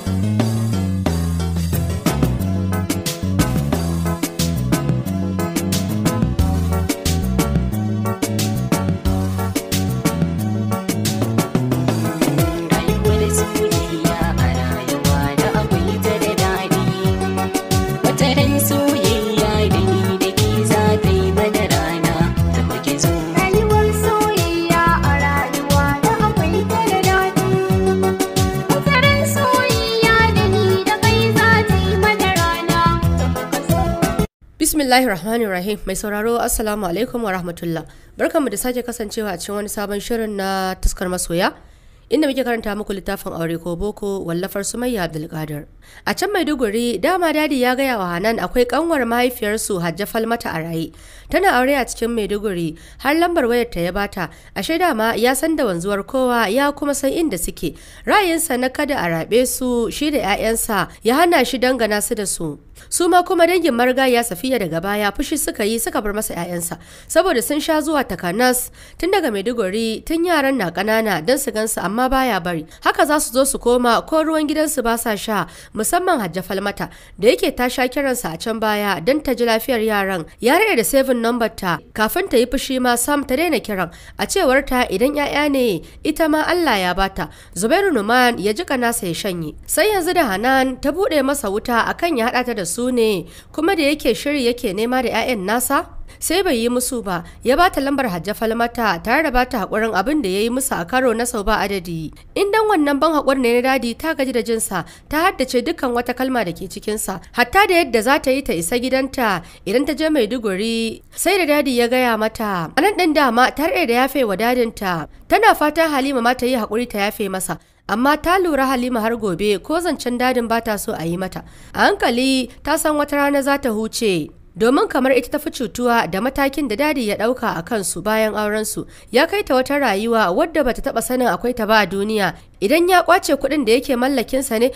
Thank you. Bismillahir Rahmanir Rahim mai sauraro Assalamu alaikum wa rahmatullah. Barkanmu da sake kasancewa a cikin wani sabon shirin na taskar masoya inda muke karanta muku littafin aure ko boko wallafar Sumayya Abdulkadir. A can Maiduguri, dama dadi ya gaya wa Hanan akwai kanwar mahaifiyarsu Hajja Falmata a raye. Tana aure a cikin Maiduguri, har lambar wayar ta ya bata. Ashe dama ya san da wanzuwar kowa ya kuma san inda suke. Ra'ayinsa na kada a rabe su shi da 'ya'yansa ya hana shi dangana su da su. Su ma kuma dangin marigaya Safiya daga baya fushi suka yi suka bar masa 'ya'yansa saboda sun sha zuwa Takanas tun daga Maiduguri tun yaran na kanana don su gansu amma baya bari. Haka za su zo su koma ko ruwan gidansu ba sa sha musamman hajja falmata da yake ta sha kiransa a can baya don ta ji lafiyar yaran ya rage da sevin number ta kafin ta yi fushi ma sam ta daina kiran a cewar ta idan 'ya'ya ne ita ma Allah ya bata Zubairu Numan ya jika nasa ya shanye sai yanzu da Hanan ta buɗe masa wuta akan ya haɗa ta da su ne kuma da yake shiri yake nema da 'ya'yan nasa sai bai yi musu ba ya bata lambar hajja falmata tare da bata hakurin abin da ya yi musu a karo na sau ba adadi in dan wannan ban hakur ne na dadi ta gaji da jinsa ta haddace dukkan wata kalma da ke cikinsa hatta da yadda za ta yi ta isa gidanta idan ta je maiduguri sai da dadi ya gaya mata a nan ɗin dama tare da yafe wa dadinta tana fata halima ma ta yi hakuri ta yafe masa amma ta lura Halima har gobe ko zancen dadin ba ta so a yi mata. A hankali ta san wata rana za ta huce. domin kamar ita tafi cutuwa da matakin da dadi ya ɗauka a kansu bayan aurensu ya kai ta wata rayuwa wadda bata taɓa sanin akwai ta ba a duniya idan ya kwace kuɗin da yake mallakinsa ne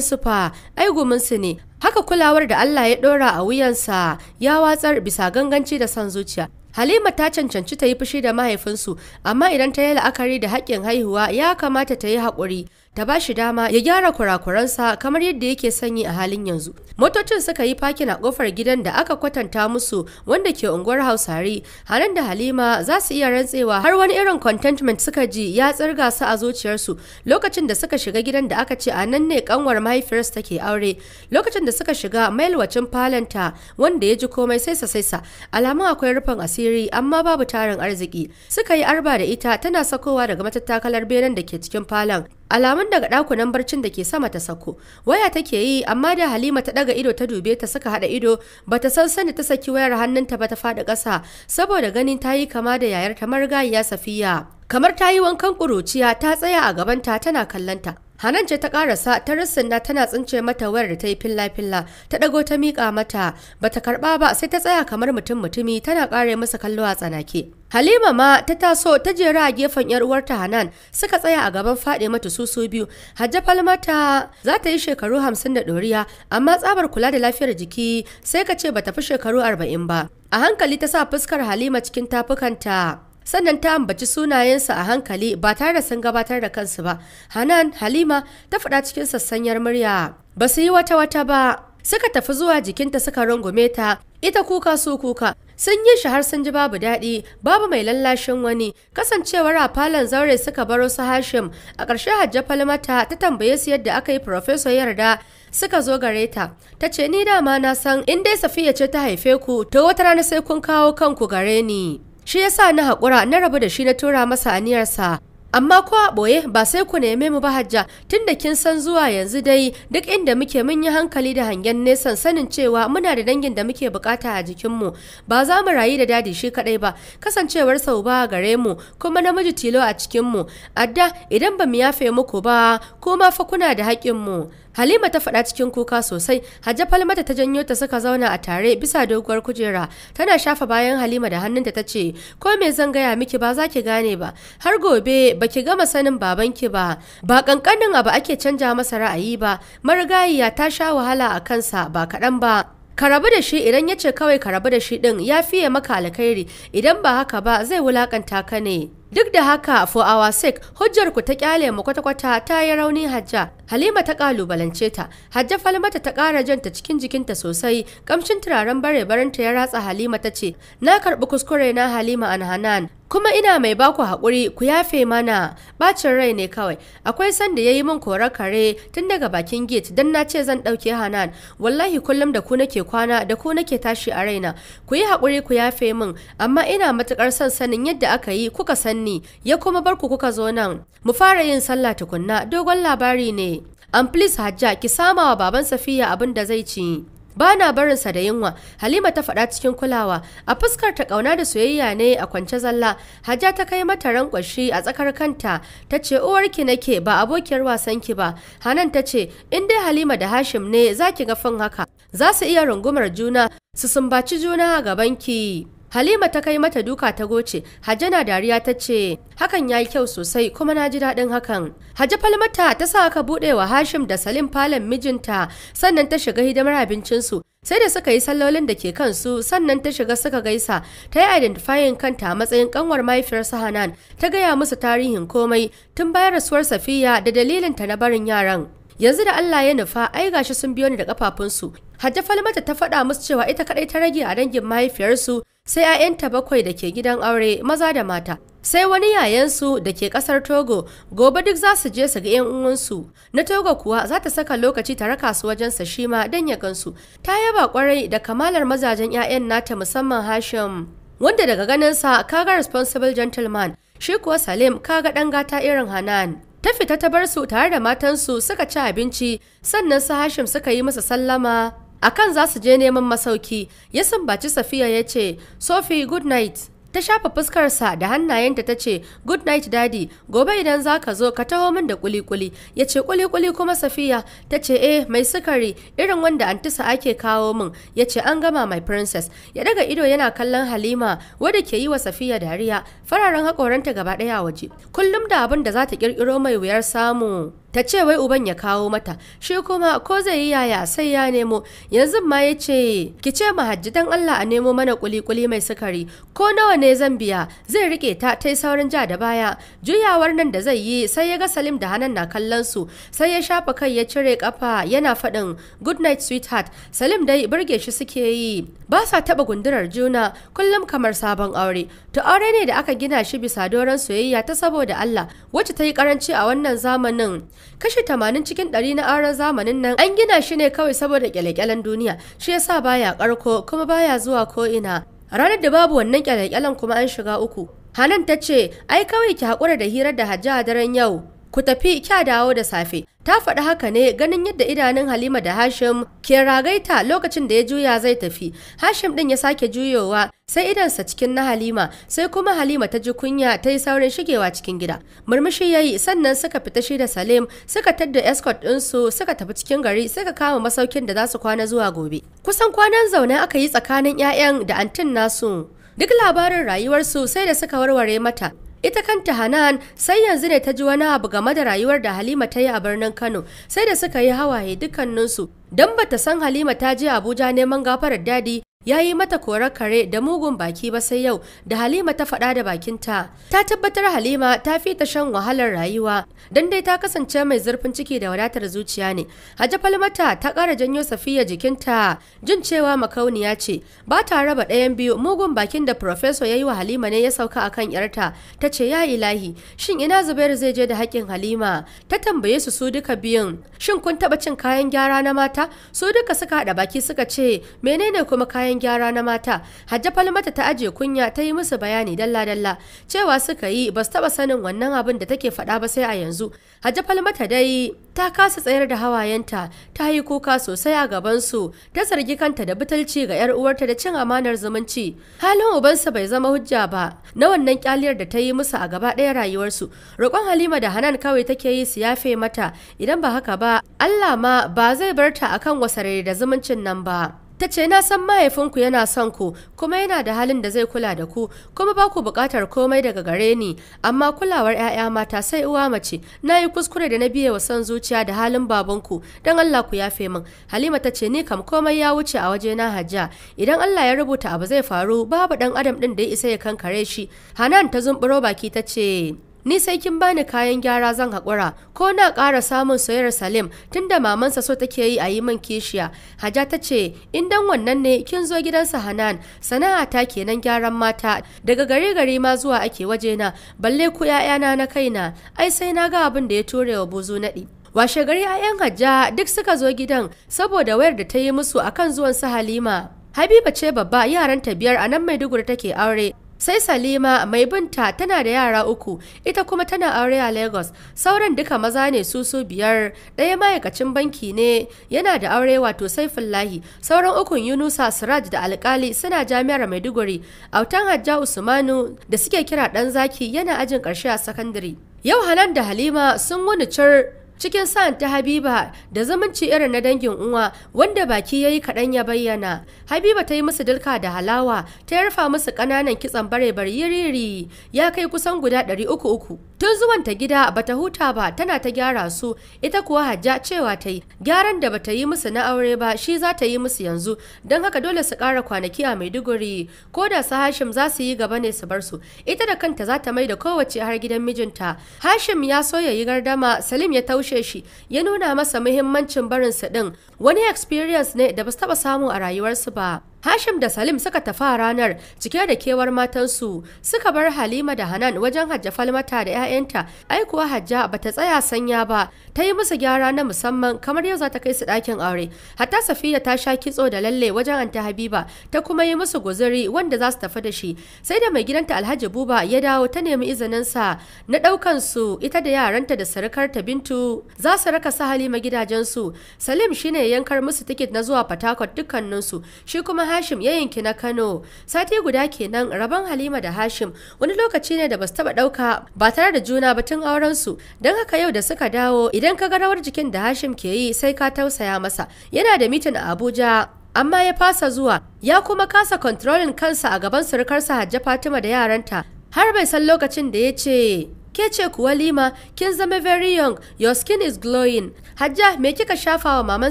su fa ai su ne haka kulawar da Allah ya ɗora a wuyansa ya watsar bisa ganganci da son zuciya Halima ta cancanci ta yi fushi da mahaifinsu amma idan ta yi la'akari da haƙƙin haihuwa ya kamata ta yi haƙuri ta ba shi dama ya gyara kurakuransa kamar yadda yake sanyi a halin yanzu. Motocin suka yi fakin a kofar gidan da aka kwatanta musu wanda ke unguwar Hausari. Hanan da Halima za su iya rantsewa har wani irin contentment suka ji ya tsirga su a zuciyarsu lokacin da suka shiga gidan da aka ce a nan ne kanwar mahaifiyarsu take aure. Lokacin da suka shiga wacin falanta wanda ya ji komai saisa saisa alamun akwai rufin asiri amma babu tarin arziki. Suka yi arba da ita tana sakowa daga matattakalar benen da ke cikin falon. alamun daga ɗakunan barcin da ke sama ta sako waya take yi amma da halima ta ɗaga ido ta dube ta suka haɗa ido ba ta san sani ta saki wayar hannunta ba ta faɗi ƙasa saboda ganin ta yi kama da yayar ta ya safiya kamar ta yi wankan ƙuruciya ta tsaya a gabanta tana kallonta Hanan ce ta karasa ta rissinna tana tsince mata wayar da ta yi filla-filla ta ɗago ta mika mata bata karɓa ba sai ta tsaya kamar mutum mutumi tana kare masa kallo a tsanake. Halima ma ta taso ta jera a gefen yar uwarta Hanan suka tsaya a gaban fade mata susu biyu. Hajja Falmata za ta yi shekaru hamsin da ɗoriya amma tsabar kula da lafiyar jiki sai ka ce bata fi shekaru arba'in ba. A hankali ta sa fuskar Halima cikin tafukanta sannan ta ambaci sunayensu a hankali ba tare da sun gabatar da kansu ba hanan halima ta faɗa cikin sassanyar murya ba su yi wata wata ba suka tafi zuwa jikinta suka rungume ta ita kuka su kuka sun yi shi har sun ji babu daɗi babu mai lallashin wani kasancewar a falon zaure suka baro su hashim a ƙarshe hajja falmata ta tambaye su yadda aka yi professor yarda suka zo gare ta ta ce ni dama na san in dai safiya ce ta haife ku to wata rana sai kun kawo kanku gare ni shi ya sa na haƙura na rabu da shi na tura masa aniyarsa amma ko a ɓoye ba sai ku neme mu ba hajja tun da kin san zuwa yanzu dai duk inda muke mun yi hankali da hangen nesan sanin cewa muna da dangin da muke bukata a jikinmu ba za mu rayu da dadi shi kaɗai ba kasancewar sau ba gare mu kuma namiji tilo a cikinmu adda idan ba mu yafe muku ba ko ma fa kuna da haƙƙinmu mu Halima ta faɗa cikin kuka sosai, Hajja Falmata ta janyo ta suka zauna a tare bisa doguwar kujera, tana shafa bayan Halima da hannunta ta ce, "Ko me zan gaya miki ba za ki gane ba, har gobe baki gama sanin babanki ba, ba ƙanƙanin abu ake canja masa ra'ayi ba, marigayiya ta sha wahala a kansa ba kaɗan ba." Ka rabu da shi idan ya ce kawai ka rabu da shi ɗin ya fiye maka alkhairi idan ba haka ba zai wulakanta ka ne. Duk da haka for our sake hujjar ku ta kyale mu kwata-kwata ta yi rauni hajja. Halima ta kalubalance ta, Hajja Falmata ta ƙara janta cikin jikinta sosai, kamshin turaren bare baranta ya ratsa Halima ta ce, "Na karɓi kuskure na Halima an Anhanan, kuma ina mai baku haƙuri ku yafe mana bacin rai ne kawai akwai sanda ya yi min korar kare tun daga bakin gate don na ce zan ɗauke hanan wallahi kullum da ku nake kwana da ku nake tashi a raina ku yi haƙuri ku yafe min amma ina matuƙar son sanin yadda aka yi kuka sanni ya kuma bar ku kuka zo nan mu fara yin sallah tukunna dogon labari ne an please hajja ki sama wa baban safiya abin da zai ci Bana barin barinsa da yunwa halima ta faɗa cikin kulawa a fuskar ta ƙauna da soyayya ne a kwance zalla hajja ta kai mata rankwashi a tsakar kanta ta ce uwarki nake ba abokiyar wasanki ba hanan ta ce in dai halima da hashim ne zaki ga fin haka za su iya rungumar juna su sumbaci juna a gabanki Halima ta kai mata duka ta goce, Hajjana dariya ta ce, hakan ya yi kyau sosai kuma na ji daɗin hakan. Hajja Falmata ta sa aka buɗe wa Hashim da Salim falon mijinta, sannan ta shiga hidimar abincinsu. Sai da suka yi sallolin da ke kansu, sannan ta shiga suka gaisa, ta yi identifying kanta a matsayin kanwar mahaifiyarsa Hanan, ta gaya musu tarihin komai tun bayan rasuwar Safiya da dalilinta na barin yaran. yanzu da Allah ya nufa ai gashi sun biyo ni da kafafunsu hajja falmata ta faɗa musu cewa ita kaɗai ta rage a dangin mahaifiyarsu sai 'ya'yanta bakwai da ke gidan aure maza da mata sai wani yayansu da ke ƙasar togo gobe duk za su je su ga 'yan uwansu na togo kuwa za ta saka lokaci ta raka su wajen shi ma don ya gansu ta yaba kwarai da kamalar mazajen 'ya'yan nata musamman hashim wanda daga ganin ganinsa kaga responsible gentleman shi kuwa salim kaga ɗan gata irin hanan ta fita ta bar su tare da matansu suka ci abinci sannan su hashim suka yi masa sallama akan za su je neman masauki ya sambaci safiya ya ce sophie good night ta shafa fuskarsa da hannayenta ta ce good night daddy gobe idan za ka zo ka taho min da kuli-kuli ya ce kuli-kuli kuma safiya ta ce eh mai sukari irin wanda antisa ake kawo min ya ce an gama my princess ya daga ido yana kallon halima wadda ke yi wa safiya dariya fararen haƙoranta gaba ɗaya waje kullum da abin da za ta ƙirƙiro mai wuyar samu ta ce wai uban ya kawo mata shi kuma ko zai yi yaya sai ya nemo yanzu ma ya ce ki ce mahajji dan Allah a nemo mana kuli-kuli mai sukari ko nawa ne zan biya zai rike ta ta yi saurin ja da baya juyawar nan da zai yi sai ya ga Salim da Hanan na kallon su sai ya shafa kai ya cire kafa yana faɗin good night sweetheart Salim dai burge shi suke yi ba sa taɓa gundurar juna kullum kamar sabon aure to aure ne da aka gina shi bisa doron soyayya ta saboda Allah wacce ta yi karanci a wannan zamanin kashi 80 cikin 100 na aron zamanin nan an gina shi ne kawai saboda kyale-kyalen duniya shi yasa baya karko kuma baya zuwa ko ina ranar da babu wannan kyalekyalen kyalen kuma an shiga uku hanan ta ce ai kawai ki hakura da hirar da hajja daren yau ku tafi kya dawo da safe ta faɗi haka ne ganin yadda idanun halima da hashim ke ragaita lokacin da ya juya zai tafi hashim ɗin ya sake juyowa sai idansa cikin na Halima sai kuma Halima ta ji kunya ta yi saurin shigewa cikin gida murmushi yayi sannan suka fita shi da Salim suka tadda escort ɗinsu suka tafi cikin gari suka kama masaukin da za su kwana zuwa gobe kusan kwanan zaune aka yi tsakanin 'ya'yan da antin nasu duk labarin rayuwarsu sai da suka warware mata ita kanta Hanan sai yanzu ne ta ji wani abu game da rayuwar da Halima ta yi a birnin Kano sai da suka yi hawaye dukkaninsu don bata san Halima ta je Abuja neman gafarar dadi ya yi mata korar kare da mugun baki ba sai yau da Halima ta faɗa da bakinta. Ta tabbatar Halima ta fi ta shan wahalar rayuwa don dai ta kasance mai zurfin ciki da wadatar zuciya ne. Hajja Falmata ta ƙara janyo Safiya jikinta jin cewa makauniya ce ba ta raba ɗayan biyu mugun bakin da Professor ya yi wa Halima ne ya sauka a kan ‘yarta ta ce ya ilahi shin ina Zubairu zai je da hakkin Halima ta tambaye su su duka biyun shin kun taɓa cin kayan gyara na mata su duka suka haɗa baki suka ce menene kuma kayan koyon gyara na mata hajja falmata ta aje kunya ta yi musu bayani dalla dalla cewa suka yi ba su taba sanin wannan abin da take faɗa ba sai a yanzu hajja falmata dai ta kasa tsayar da hawayenta ta yi kuka sosai a gabansu ta zargi kanta da bitalci ga yar uwarta da cin amanar zumunci halin ubansa bai zama hujja ba na wannan kyaliyar da ta yi musu a gaba ɗaya rayuwarsu roƙon halima da hanan kawai take yi su yafe mata idan ba haka ba allah ma ba zai bar ta akan wasarere da zumuncin nan ba ta ce na san mahaifinku yana son ku kuma yana da halin da zai kula da ku kuma ba ku buƙatar komai daga gare ni amma kulawar 'ya'ya mata sai uwa mace na yi kuskure da na biye wa son zuciya da halin babanku don Allah ku yafe min halima ta ce ni kam komai ya wuce a waje na hajja idan Allah ya rubuta abu zai faru babu ɗan adam ɗin da ya isa ya kankare shi hanan ta zumburo baki ta ce ni sai kin bani kayan gyara zan haƙura ko na ƙara samun soyayyar salim tunda mamansa so take yi a yi min kishiya haja ta ce in dan wannan ne kin zo gidansa hanan sana'a ta kenan gyaran mata daga gare gare ma zuwa ake waje na balle ku 'ya'yana na kaina ai sai na ga abin da ya ture wa bozo naɗi washe gari 'ya'yan hajja duk suka zo gidan saboda wayar da ta yi musu akan zuwan su halima habiba ce babba yaranta biyar a nan maiduguri take aure sai Salima mai binta tana da yara uku ita kuma tana aure a Lagos sauran duka maza ne su su biyar ɗaya ma'aikacin banki ne yana da aure wato Saifullahi sauran ukun Yunusa Siraj da alƙali suna jami'ar Maiduguri autan Hajja Usmanu da suke kira ɗan zaki yana ajin ƙarshe a sakandare. Yau Hanan da Halima sun wani cir cikin sa'an ta Habiba da zamanci irin na dangin uwa wanda baki yayi kaɗan ya bayyana. Habiba ta yi musu dalka da halawa ta yarfa musu ƙananan kitsan bare bariri ya kai kusan guda ɗari uku uku. Tun zuwan ta gida bata huta ba tana ta gyara su ita kuwa Hajja cewa ta yi gyaran da bata yi musu na aure ba shi za ta yi musu yanzu don haka dole su ƙara kwanaki a Maiduguri ko da su Hashim za su yi gaba ne su bar su ita da kanta za ta mai da kowace har gidan mijinta. Hashim ya so ya yi gardama Salim ya taushe tashe shi ya nuna masa muhimmancin barinsa din wani experience ne da ba su taɓa samu a rayuwarsu ba. Hashim da Salim suka tafi ranar cike da kewar matansu suka bar Halima da Hanan wajen Hajja Falmata da 'ya'yanta ai kuwa Hajja ta tsaya sanya ba ta yi musu gyara na musamman kamar yau za ta kai su ɗakin aure hatta Safiya ta sha kitso da lalle wajen Anta Habiba ta kuma yi musu guzuri wanda za su tafi da shi sai da mai gidanta Alhaji Buba ya dawo ta nemi izinin sa na ɗaukan su ita da yaranta da sarukarta Bintu za su raka sa Halima gidajensu Salim shine yankar musu tiket na zuwa Fatakot dukkaninsu shi kuma Hashim ya yanki na Kano. Sati guda kenan rabon Halima da Hashim wani lokaci ne da basu taba dauka ba tare da juna ba tun auren su. Dan haka yau da suka dawo idan ka ga rawar jikin da Hashim ke yi sai ka tausaya masa. Yana da mitin a Abuja amma ya fasa zuwa ya kuma kasa kontrolin kansa a gaban surukarsa Hajja Fatima da yaranta har bai san lokacin da ya ce Ke ce kuwa Lima, kin zama very young, your skin is glowing. Hajja me kika shafa wa maman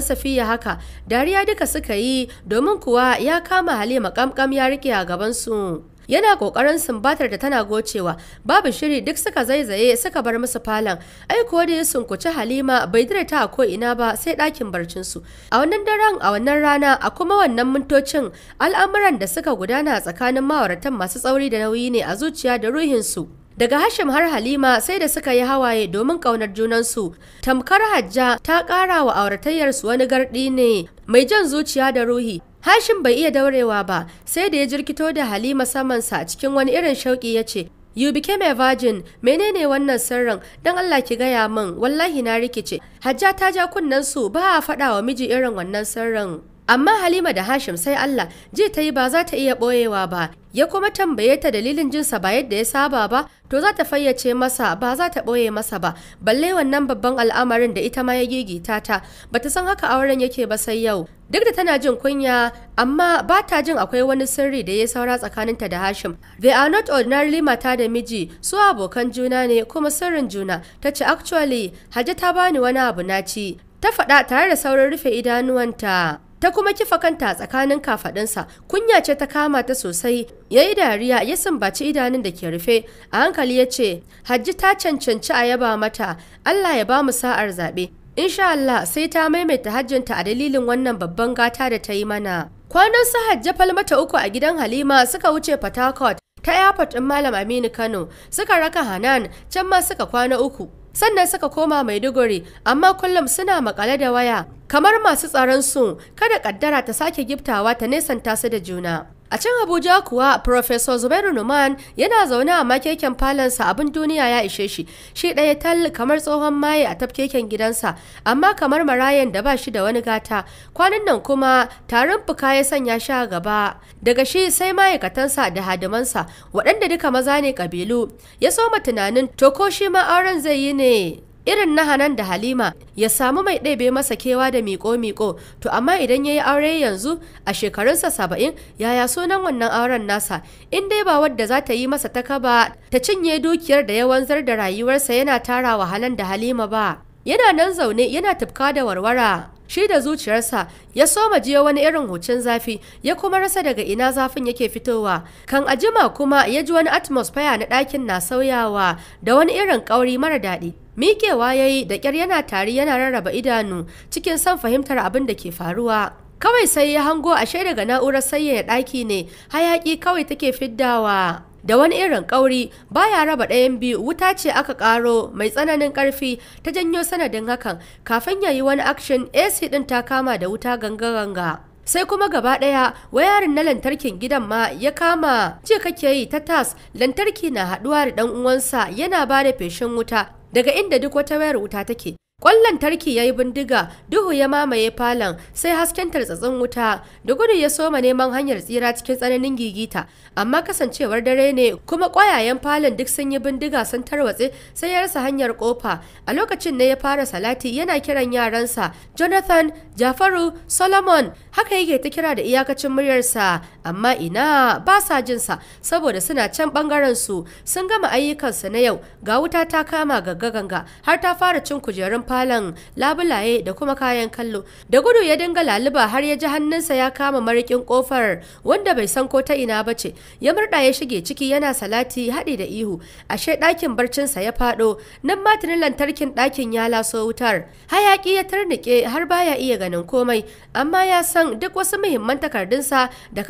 Safiya haka? Dariya duka suka yi domin kuwa ya kama Halima kamkam ya rike a gabansu. yana kokarin sumbatar da tana gocewa babu shiri duk suka zaizaye suka bar musu falon ai kuwa da ya sunkuci halima bai dira ta ko ina ba sai ɗakin barcinsu a wannan daren a wannan rana a kuma wannan mintocin al'amuran da suka gudana tsakanin ma'auratan masu tsauri da nauyi ne a zuciya da ruhinsu Daga Hashim har Halima sai da suka yi hawaye domin ƙaunar junansu. Tamkar Hajja ta ƙara wa auratayyarsu wani gardi ne mai jan zuciya da ruhi. Hashim bai iya daurewa ba sai da ya jirkito da Halima samansa cikin wani irin shauƙi ya ce, You became a virgin, menene wannan sirrin, don Allah ki gaya min, wallahi na rikice. Hajja ta ja kunnen su ba a faɗa wa miji irin wannan sirrin. Amma Halima da Hashim sai Allah jiya ta yi ba za ta iya ɓoyewa ba, ya kuma tambaye ta dalilin jinsa ba yadda ya saba ba, to za ta fayyace masa ba za ta ɓoye masa ba, balle wannan babban al'amarin da ita ma ya gigita ta, ba ta san haka auren yake ba sai yau. Duk da tana jin kunya, amma ba ta jin akwai wani sirri da ya saura tsakaninta da Hashim. They are not ordinarily mata da miji, su abokan juna ne kuma sirrin juna. Ta ce actually, Hajji ta bani wani abu na ci. Ta faɗa tare da saurin rufe idanuwanta. ta kuma kifa kanta tsakanin kafaɗunsa kunya ce ta kama ta sosai ya yi dariya ya sumbaci idanun da ke rufe a hankali ya ce hajji ta cancanci a yaba mata allah ya ba mu sa'ar zaɓe insha allah sai ta maimaita hajjinta a dalilin wannan babban gata da ta yi mana kwanan su hajji falmata uku a gidan halima suka wuce port ta airport ɗin malam aminu kano suka raka hanan can ma suka kwana uku sannan suka koma maiduguri amma kullum suna makale da waya kamar masu tsaron su kada kaddara ta sake giftawa ta nesanta su da juna A can Abuja kuwa Professor Zubairu Numan yana zaune a makeken falansa abin duniya ya ishe shi. Shi ɗaya tal kamar tsohon maye a tafkeken gidansa, amma kamar marayan da ba shi da wani gata. Kwanan nan kuma tarin fuka ya sanya sha a gaba. Daga shi sai ma'aikatansa da hadimansa waɗanda duka maza ne ƙabilu. Ya soma tunanin to ko shi ma auren zai yi ne. irin na hanan da halima ya samu mai ɗebe masa kewa da miko miƙo to amma idan ya yi aure yanzu a shekarunsa saba'in yaya sunan wannan auren nasa in dai ba wadda za ta yi masa ta kaba ta cinye dukiyar da ya wanzar da rayuwarsa yana tara wa hanan da halima ba yana nan zaune yana tufka da warwara shi da zuciyarsa ya soma jiya wani irin hucin zafi ya kuma rasa daga ina zafin yake fitowa kan ajima kuma ya ji wani atmosphere na ɗakin na sauyawa da wani irin ƙauri mara daɗi Miƙewa ya yi da ƙyar yana tari yana rarraba idanu cikin son fahimtar abin da ke faruwa. Kawai sai ya hango ashe daga na'urar sayyaya ɗaki ne, hayaƙi kawai take fiddawa. da wani irin kauri baya raba ɗayan biyu wuta ce aka ƙaro mai tsananin ƙarfi ta janyo sanadin hakan kafin ya yi wani action ac ɗin ta kama da wuta ganga-ganga sai kuma gaba ɗaya wayarin na lantarkin gidan ma ya kama ce kake yi ta tas lantarki na haɗuwa da ɗan uwansa yana ba da feshin wuta daga inda duk wata wayar wuta take Ƙwallon tarki ya yi bindiga, duhu ya mamaye falon, sai hasken tartsatsin wuta. Da gudu ya soma neman hanyar tsira cikin tsananin gigita, amma kasancewar dare ne kuma ƙwayayen falon duk sun yi bindiga sun tarwatse sai ya rasa hanyar ƙofa. A lokacin ne ya fara salati yana kiran yaransa Jonathan, Jafaru, Solomon. Haka yake ta kira da iyakacin muryarsa, amma ina ba sa jinsa saboda suna can ɓangaren su sun gama ayyukansu na yau ga wuta ta kama ganga har ta fara cin kujerun falon labulaye da kuma kayan kallo da gudu ya dinga laluba har ya ji hannunsa ya kama marikin kofar wanda bai san ko ta ina ba ce ya murda ya shige ciki yana salati haɗi da ihu ashe ɗakin barcinsa ya faɗo nan matinin lantarkin ɗakin ya laso wutar hayaki ya tarnike har baya iya ganin komai amma ya san duk wasu muhimman takardunsa da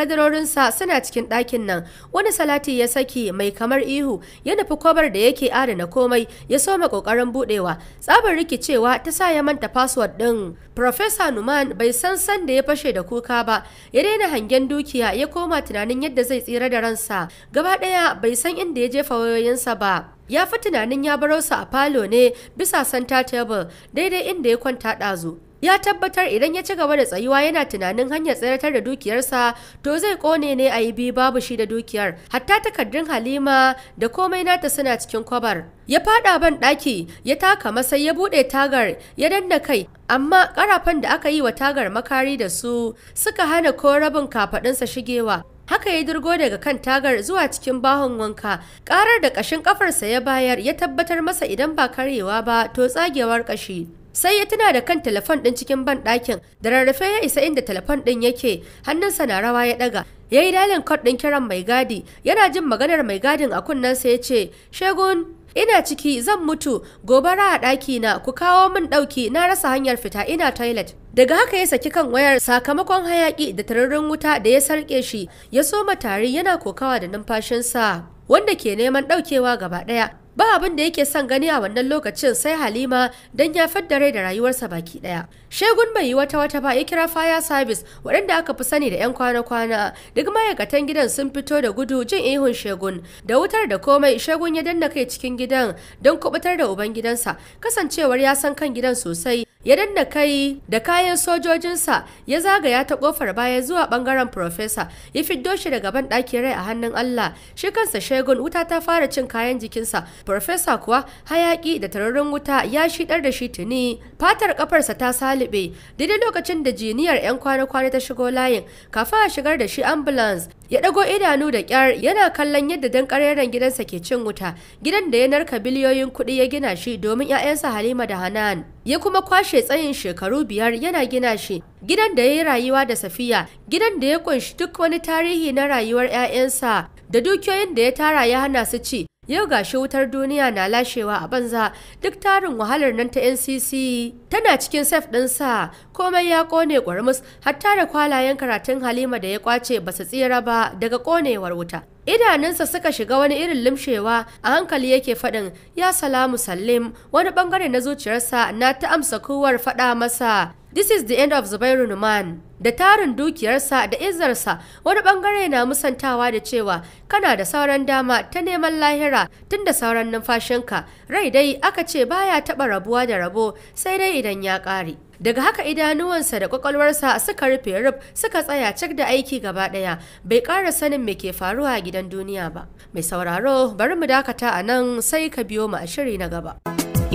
sa suna cikin ɗakin nan wani salati ya saki mai kamar ihu ya nufi kobar da yake adana komai ya soma ƙoƙarin buɗewa tsabar rikici cewa ta sa ya manta password ɗin. Profesa Numan bai san san da ya fashe da kuka ba, ya daina hangen dukiya ya koma tunanin yadda zai tsira da ransa, gaba ɗaya bai san inda ya jefa wayoyinsa ba. Ya fi tunanin ya baro su a falo ne bisa center table daidai inda ya kwanta ɗazu. ya tabbatar idan ya ci gaba da tsayuwa yana tunanin hanyar tsiratar da dukiyarsa to zai kone ne a yi biyu babu shi da dukiyar hatta takardun halima da komai nata suna cikin kwabar ya fada ban daki ya taka masa, ya bude tagar ya danna kai amma karafan da aka yi wa tagar makari da su suka hana ko rabin kafadinsa shigewa haka ya dirgo daga kan tagar zuwa cikin bahon wanka karar da kashin kafarsa ya bayar ya tabbatar masa idan ba karyewa ba to tsagewar kashi sai ya tuna da kan telefon din cikin ban ɗakin da rarrafe ya isa inda telefon din yake hannunsa na rawa ya ɗaga ya yi dalin kod ɗin kiran mai gadi yana jin maganar mai gadin a sa ya ce shegun ina ciki zan mutu gobara a ɗaki na ku kawo min ɗauki na rasa hanyar fita ina toilet daga haka ya saki kan wayar sakamakon hayaƙi da tararin wuta da ya sarƙe shi ya soma tari yana kokawa da numfashinsa wanda ke neman ɗaukewa gaba ɗaya ba abin da yake son gani a wannan lokacin sai halima don ya fadda rai da rayuwarsa baki daya shegun bai yi wata wata ba ya kira fire service waɗanda aka fi sani da 'yan kwana-kwana duk ma'aikatan gidan sun fito da gudu jin ihun shegun da wutar da komai shegun ya danna kai cikin gidan don kubutar da uban gidansa kasancewar ya san kan gidan sosai ya danna kai da kayan sojojinsa ya zagaya ta kofar baya zuwa bangaren profesa ya fiddo shi daga ban ɗakin rai a hannun Allah shi kansa shegun wuta ta fara cin kayan jikinsa profesa kuwa hayaki da tararin wuta ya shidar da shi tuni fatar kafarsa ta salibe daidai lokacin da jiniyar yan kwana-kwana ta shigo layin kafin a shigar da shi ambulance ya ɗago idanu da ƙyar yana kallon yadda dan ƙareren gidansa ke cin wuta gidan da ya narka biliyoyin kuɗi ya gina shi domin 'ya'yansa halima da hanan ya kuma kwashe tsayin shekaru biyar yana gina shi gidan da ya yi rayuwa da safiya gidan da ya ƙunshi duk wani tarihi na rayuwar 'ya'yansa da dukiyoyin da ya tara ya hana su ci Yau gashi wutar duniya na lashewa a banza duk tarin wahalar nan ta NCC tana cikin sef sa, komai ya kone ƙwarmus hatta da kwalayen karatun Halima da ya kwace ba su tsira ba daga konewar wuta. Idanunsa suka shiga wani irin limshewa a hankali yake faɗin ya salamu sallim wani ɓangare na zuciyarsa na ta amsa kowar faɗa masa this is the end of Zubairu Numan. da tarin dukiyarsa da izarsa wani bangare na musantawa da cewa kana da sauran dama ta neman lahira tun da sauran numfashinka rai dai aka ce baya taɓa rabuwa da rabo sai dai idan ya ƙare daga haka idanuwansa da kwakwalwarsa suka rufe rub suka tsaya cik da aiki gaba ɗaya bai ƙara sanin me ke faruwa a gidan duniya ba mai sauraro bari mu dakata a nan sai ka biyo mu a shiri na gaba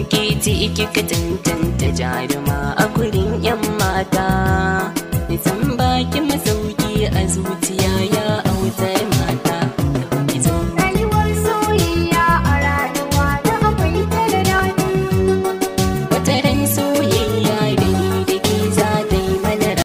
Kiti ikika tantanta jaruma a kudin 'yan mata nufin bakin masauki a zuciya